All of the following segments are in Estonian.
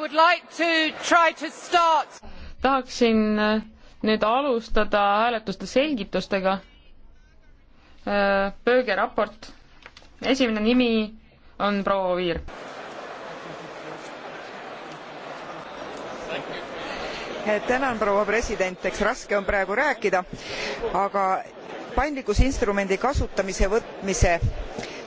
Like to to tahaksin äh, nüüd alustada hääletuste selgitustega. Pööge äh, raport. esimene nimi on proua Oviir. Eh, tänan, proua president, eks raske on praegu rääkida, aga paindlikkusinstrumendi kasutamise võtmise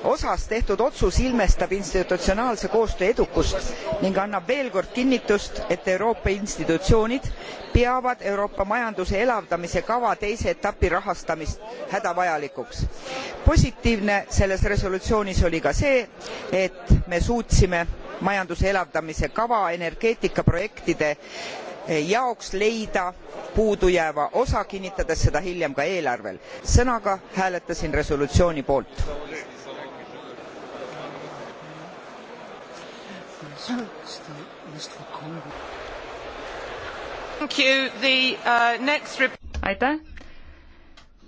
osas tehtud otsus ilmestab institutsionaalse koostöö edukust ning annab veel kord kinnitust et euroopa institutsioonid peavad euroopa majanduse elavdamise kava teise etapi rahastamist hädavajalikuks. positiivne selles resolutsioonis oli ka see et me suutsime majanduse elavdamise kava energeetikaprojektide jaoks leida puudujääva osa kinnitades seda hiljem ka eelarvel. ühesõnaga hääletasin resolutsiooni poolt. Uh, aitäh.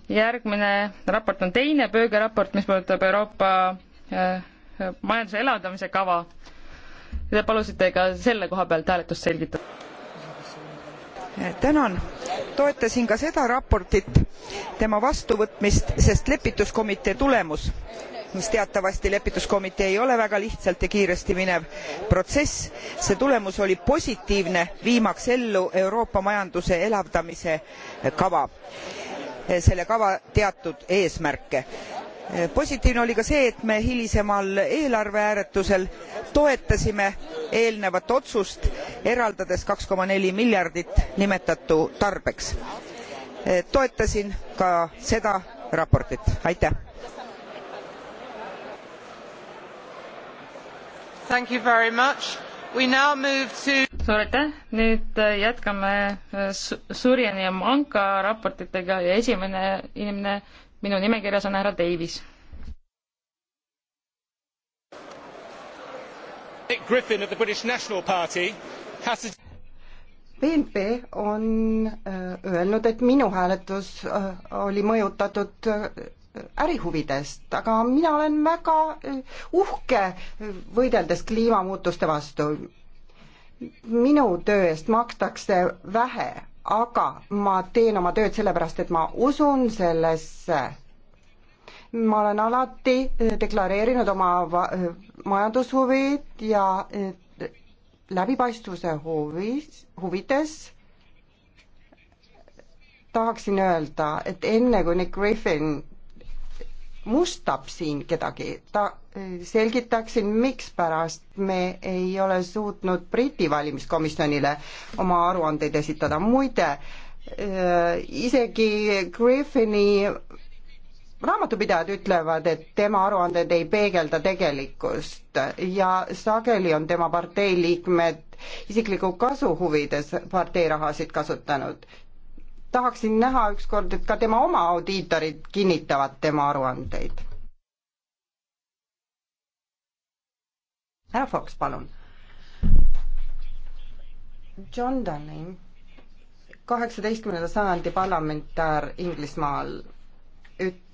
järgmine raport on teine pöögeraport, mis puudutab Euroopa äh, majanduse elavdamise kava. Te palusite ka selle koha pealt hääletust selgitada. Äh, tänan, toetasin ka seda raportit, tema vastuvõtmist, sest lepituskomitee tulemus mis teatavasti lepituskomitee ei ole väga lihtsalt ja kiiresti minev protsess see tulemus oli positiivne viimaks ellu euroopa majanduse elavdamise kava selle kava teatud eesmärke. positiivne oli ka see et me hilisemal eelarvehääletusel toetasime eelnevat otsust eraldades miljardit nimetatu tarbeks. toetasin ka seda raportit. aitäh! suur aitäh, nüüd äh, jätkame äh, Surjani ja Manka raportitega ja esimene inimene minu nimekirjas on härra Davis. Griffin of the British National Party has to BNP on äh, öelnud, et minu hääletus oli mõjutatud ärihuvidest, aga mina olen väga äh, uhke äh, võideldes kliimamuutuste vastu. minu töö eest makstakse vähe, aga ma teen oma tööd sellepärast, et ma usun sellesse. ma olen alati äh, deklareerinud oma majandushuvid ja läbipaistvuse huvis, huvides tahaksin öelda, et enne kui Nick Griffin mustab siin kedagi, ta, äh, selgitaksin, mikspärast me ei ole suutnud Briti valimiskomisjonile oma aruandeid esitada, muide äh, isegi Griffini raamatupidajad ütlevad, et tema aruanded ei peegelda tegelikkust ja sageli on tema partei liikmed isikliku kasu huvides partei rahasid kasutanud tahaksin näha ükskord, et ka tema oma audiitorid kinnitavad tema aruandeid. härra Fox, palun. John Dunning, kaheksateistkümnenda sajandi parlamentäär Inglismaal, üt-,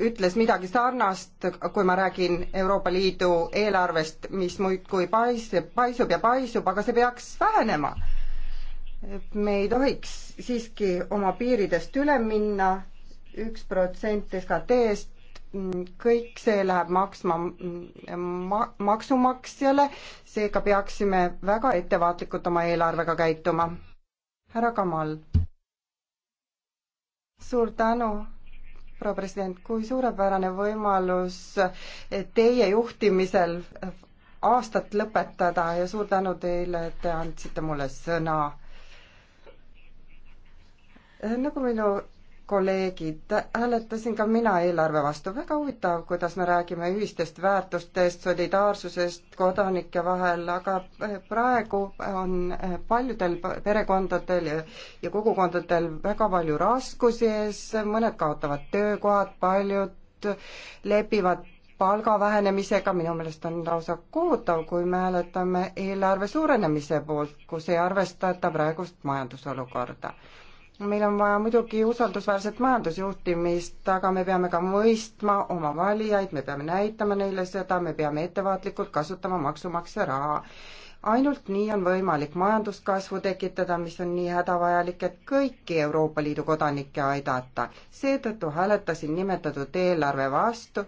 ütles midagi sarnast, kui ma räägin Euroopa Liidu eelarvest, mis muudkui paisub, paisub ja paisub, aga see peaks vähenema. me ei tohiks siiski oma piiridest üle minna, üks protsent SKT-st, kõik see läheb maksma ma-, maksumaksjale, seega peaksime väga ettevaatlikult oma eelarvega käituma. härra Kamal. suur tänu proua president, kui suurepärane võimalus teie juhtimisel aastat lõpetada ja suur tänu teile, et te andsite mulle sõna. nagu minu kolleegid, hääletasin ka mina eelarve vastu, väga huvitav, kuidas me räägime ühistest väärtustest, solidaarsusest kodanike vahel, aga praegu on paljudel perekondadel ja, ja kogukondadel väga palju raskusi ees, mõned kaotavad töökohad, paljud lepivad palga vähenemisega, minu meelest on lausa kohutav, kui me hääletame eelarve suurenemise poolt, kus ei arvestata praegust majandusolukorda meil on vaja muidugi usaldusväärset majandusjuhtimist, aga me peame ka mõistma oma valijaid, me peame näitama neile seda, me peame ettevaatlikult kasutama maksumaksja raha. ainult nii on võimalik majanduskasvu tekitada, mis on nii hädavajalik, et kõiki Euroopa Liidu kodanikke aidata. seetõttu hääletasin nimetatud eelarve vastu,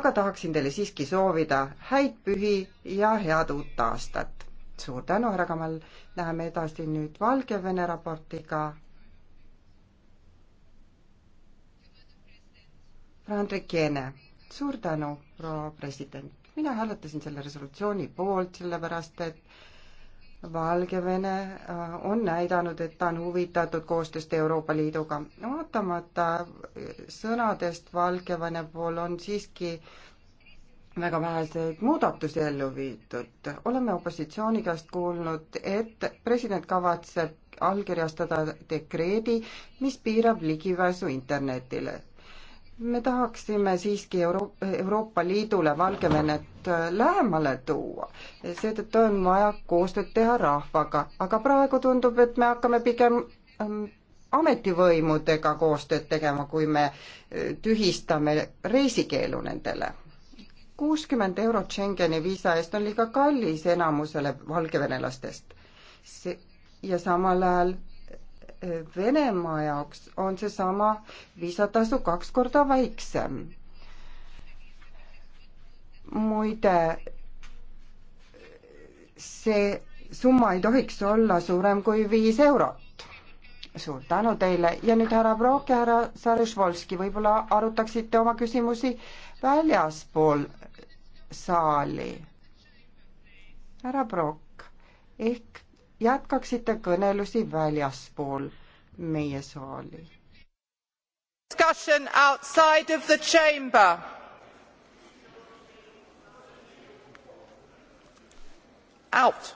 aga tahaksin teile siiski soovida häid pühi ja head uut aastat. suur tänu, härra Kamal, läheme edasi nüüd Valgevene raportiga Randrik Jeene, suur tänu, proua president. mina hääletasin selle resolutsiooni poolt, sellepärast et Valgevene äh, on näidanud, et ta on huvitatud koostööst Euroopa Liiduga. vaatamata äh, sõnadest Valgevene pool on siiski väga väheseid muudatusi ellu viidud. oleme opositsiooni käest kuulnud, et president kavatseb allkirjastada dekreedi, mis piirab ligipääsu internetile me tahaksime siiski Euro Euroopa Liidule Valgevenet äh, lähemale tuua. seetõttu on vaja koostööd teha rahvaga, aga praegu tundub, et me hakkame pigem ähm, ametivõimudega koostööd tegema, kui me äh, tühistame reisikeelu nendele. kuuskümmend eurot Schengeni viisa eest on liiga kallis enamusele valgevenelastest. see ja samal ajal Venemaa jaoks on seesama viisatasu kaks korda väiksem. muide, see summa ei tohiks olla suurem kui viis eurot. suur tänu teile ja nüüd härra Brock ja härra Sarešvolski, võib-olla arutaksite oma küsimusi väljaspool saali. härra Brock ehk jätkaksite kõnelusi väljaspool meie saali. Discussion outside of the chamber. Out.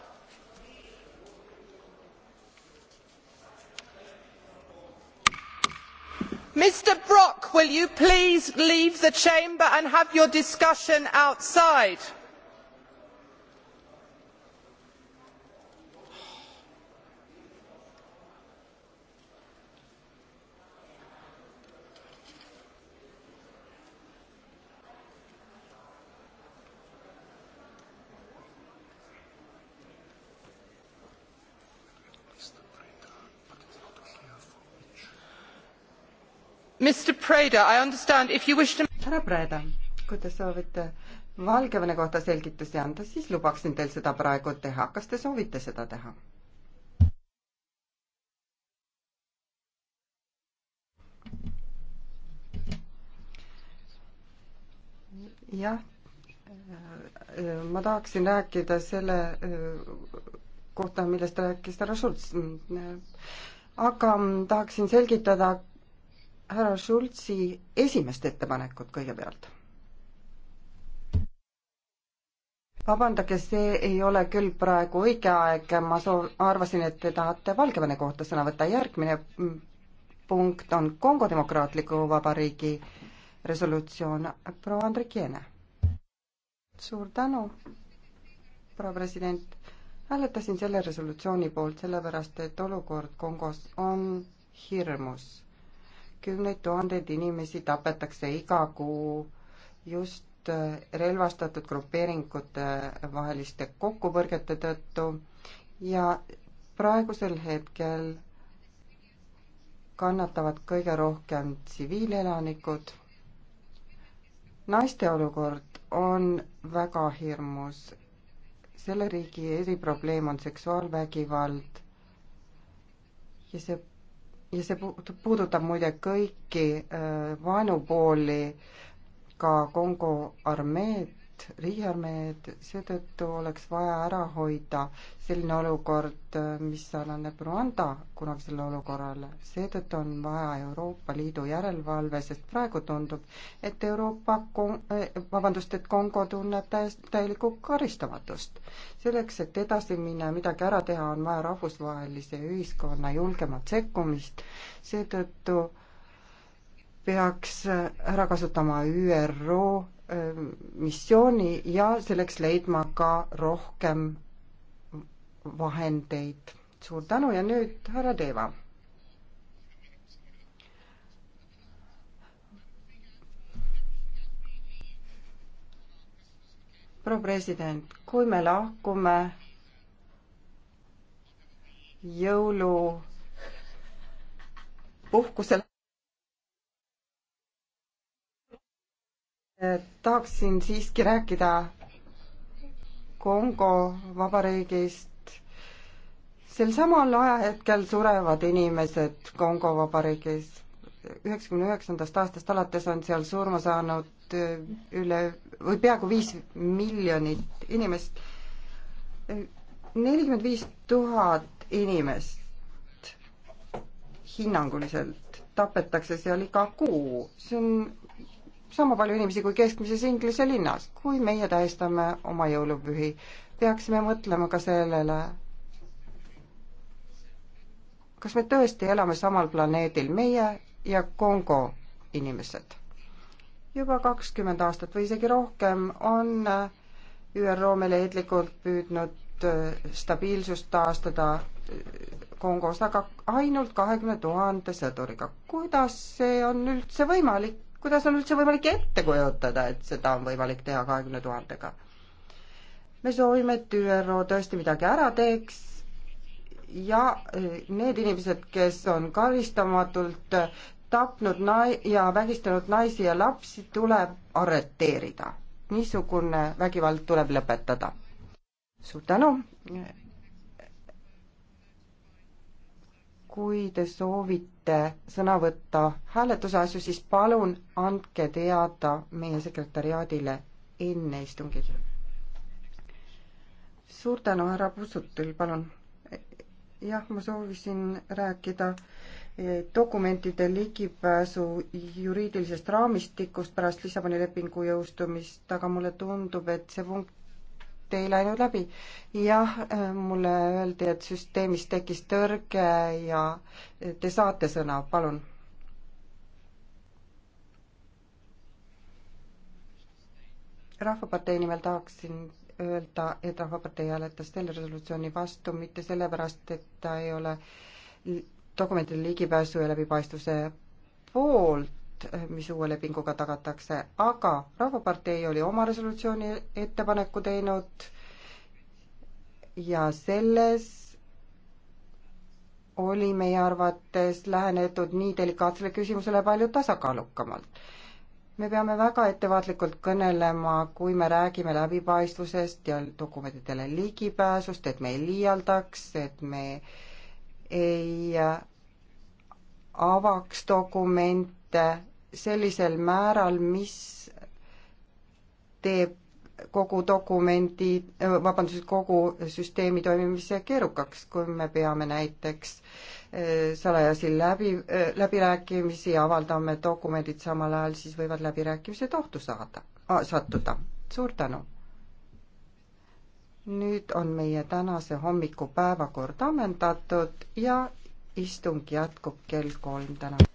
mr brok will you please leave the chamber and have your discussion outside? härra Preda, kui te soovite Valgevene kohta selgitusi anda, siis lubaksin teil seda praegu teha. kas te soovite seda teha? jah, äh, ma tahaksin rääkida selle äh, kohta, millest rääkis härra Schultz. Äh, aga tahaksin selgitada härra Schultzi esimest ettepanekut kõigepealt. vabandage, see ei ole küll praegu õige aeg, ma soov, arvasin, et te tahate Valgevene kohta sõna võtta, järgmine mm, punkt on Kongo Demokraatliku Vabariigi resolutsioon, proua Andrikiene. suur tänu, proua president. hääletasin selle resolutsiooni poolt sellepärast, et olukord Kongos on hirmus kümneid tuhandeid inimesi tapetakse iga kuu just äh, relvastatud grupeeringute vaheliste kokkupõrgete tõttu ja praegusel hetkel kannatavad kõige rohkem tsiviilelanikud. naiste olukord on väga hirmus. selle riigi eriprobleem on seksuaalvägivald ja see ja see puudutab muide kõiki äh, vaenupooli, ka Kongo armeed, et riigiarmeed, seetõttu oleks vaja ära hoida selline olukord, mis sarnaneb Rwanda kunagisele olukorrale. seetõttu on vaja Euroopa Liidu järelevalve, sest praegu tundub, et Euroopa, eh, vabandust, et Kongo tunneb täiesti, täielikku karistamatust. selleks, et edasi minna ja midagi ära teha, on vaja rahvusvahelise ühiskonna julgemat sekkumist, seetõttu peaks ära kasutama ÜRO Ähm, missiooni ja selleks leidma ka rohkem vahendeid. suur tänu ja nüüd härra Teeva. proua president, kui me lahkume jõulupuhkusele Eh, tahaksin siiski rääkida Kongo Vabariigist. sel samal ajahetkel surevad inimesed Kongo Vabariigis. üheksakümne üheksandast aastast alates on seal surma saanud eh, üle või peaaegu viis miljonit inimest. Eh, nelikümmend viis tuhat inimest hinnanguliselt tapetakse seal iga kuu, see on sama palju inimesi kui keskmises Inglise linnas. kui meie tähistame oma jõulupühi, peaksime mõtlema ka sellele, kas me tõesti elame samal planeedil, meie ja Kongo inimesed. juba kakskümmend aastat või isegi rohkem on ÜRO meeleheitlikult püüdnud äh, stabiilsust taastada äh, Kongos, aga ainult kahekümne tuhande sõduriga. kuidas see on üldse võimalik? kuidas on üldse võimalik ette kujutada, et seda on võimalik teha kahekümne tuhandega? me soovime, et ÜRO tõesti midagi ära teeks ja e, need inimesed, kes on karistamatult tapnud nai- ja vägistanud naisi ja lapsi, tuleb arreteerida. niisugune vägivald tuleb lõpetada. suur tänu kui te soovite sõna võtta hääletuse asju, siis palun andke teada meie sekretäriaadile enne istungit. suur tänu, härra Pussutil, palun. jah, ma soovisin rääkida eh, dokumentide ligipääsu juriidilisest raamistikust pärast Lissaboni lepingu jõustumist, aga mulle tundub, et see punkt ei läinud läbi. jah, äh, mulle öeldi, et süsteemis tekkis tõrge ja te saate sõna, palun. rahvapartei nimel tahaksin öelda, et Rahvapartei hääletas selle resolutsiooni vastu mitte sellepärast, et ta ei ole dokumentide ligipääsu ja läbipaistvuse poolt, kaitset, eh, mis uue lepinguga tagatakse, aga Rahvapartei oli oma resolutsiooni ettepaneku teinud ja selles oli meie arvates lähenetud nii delikaatsele küsimusele palju tasakaalukamalt. me peame väga ettevaatlikult kõnelema, kui me räägime läbipaistvusest ja dokumentidele ligipääsust, et me ei liialdaks, et me ei avaks dokumente, mitte sellisel määral, mis teeb kogu dokumendi, vabandust, kogu süsteemi toimimise keerukaks, kui me peame näiteks eh, salajasi läbi, eh, läbirääkimisi ja avaldame dokumendid samal ajal, siis võivad läbirääkimised ohtu saada, sattuda. suur tänu! nüüd on meie tänase hommiku päevakord ammendatud ja istung jätkub kell kolm täna.